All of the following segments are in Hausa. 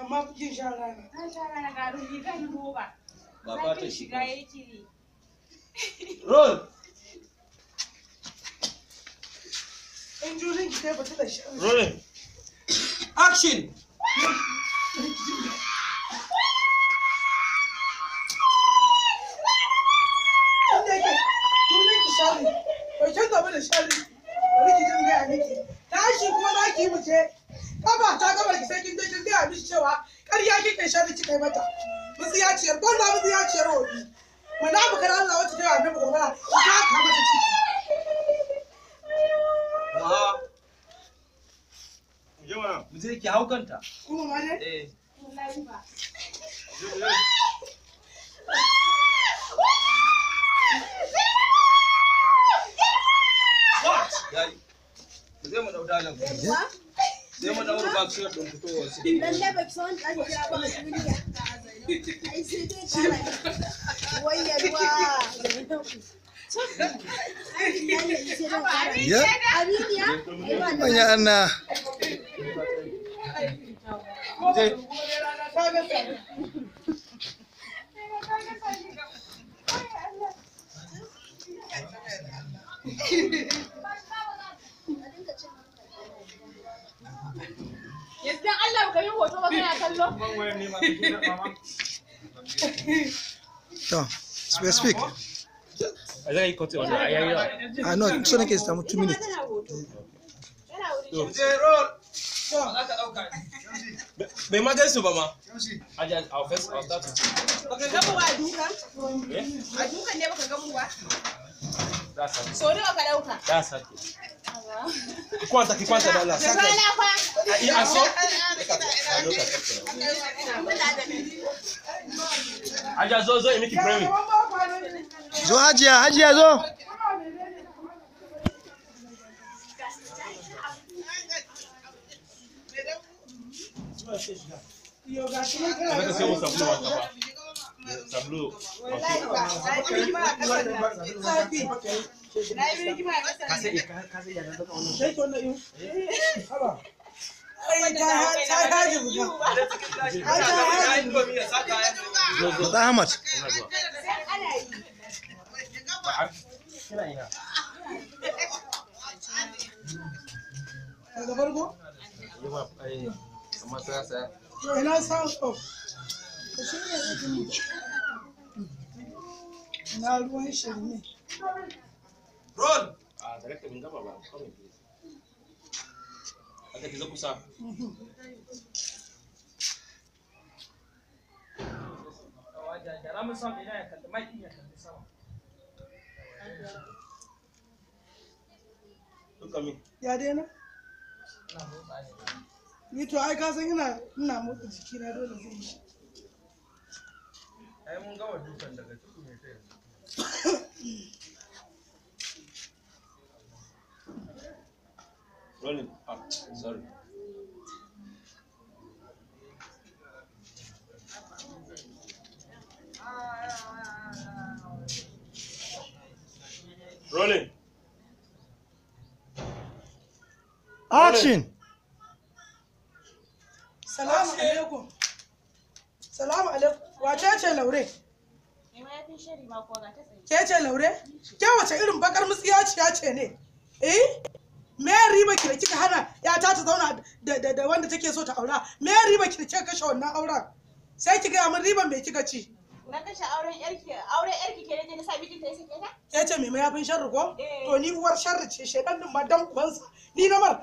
amma kin sha rana na sha rana ga ruhi kan roba ba fatan shiga yake roll in jurin ki ba ta da shi roll action cewa ƙarya ke sharri kika yi mata mutsiyaciyar banza mutsiyaciyar hobi munafukar Allah wata tawa annabi gobara ta ka mata ciki Jama'a, mu je ki haukanta. Kuma ma ne? Eh. What? sai mu daura ba a Thank you. ka hoto ba kana kallo to specific a yi kotu wannan a yayi no so nake samu 2 minutes bai ma gaisu ba ma a jan a ofis a statu baka ba dukan a dukan ne baka gamu ba so nawa ka dauka da sake kwanta ki kwanta da Allah sake Hajiya zo zo Zo Hajiya, Hajiya zo. Matsa Ahmad. Daga farko? Ina sound Na ruwan sa ya kalli mai ya kalli sama ya daina ni to ai ka san ina ina motsa jiki na dole zai yi ai mun gawa dukan daga tuku ta yanzu Rolling. Ah, sorry. Action. Salamu alaikum. Salamu alaikum. Wace ce Laure? Ke ce Laure? Ke wace irin bakar mutsiyaciya ce ne? Eh? Me riba ki da kika hana yata ta zauna da da wanda take so ta aura? Me riba ki da kika kashe wannan auren? Sai ki gaya min riban me kika ci? na kashe auren yarki auren yarki ke rage nisa mijin ta yake ta ce mai mayafin sharri ko eh. to ni uwar sharri ce shedan din ma dan ubansa ni na mar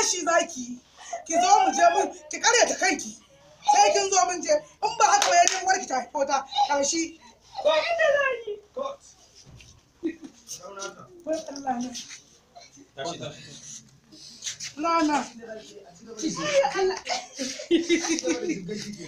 tashi zaki ki zo mu je mun ki kare ta kanki sai kin zo mun je in ba haka ya nemi warki ta haifo ta kashi ko inda zaki ko Allah ne tashi tashi No, na.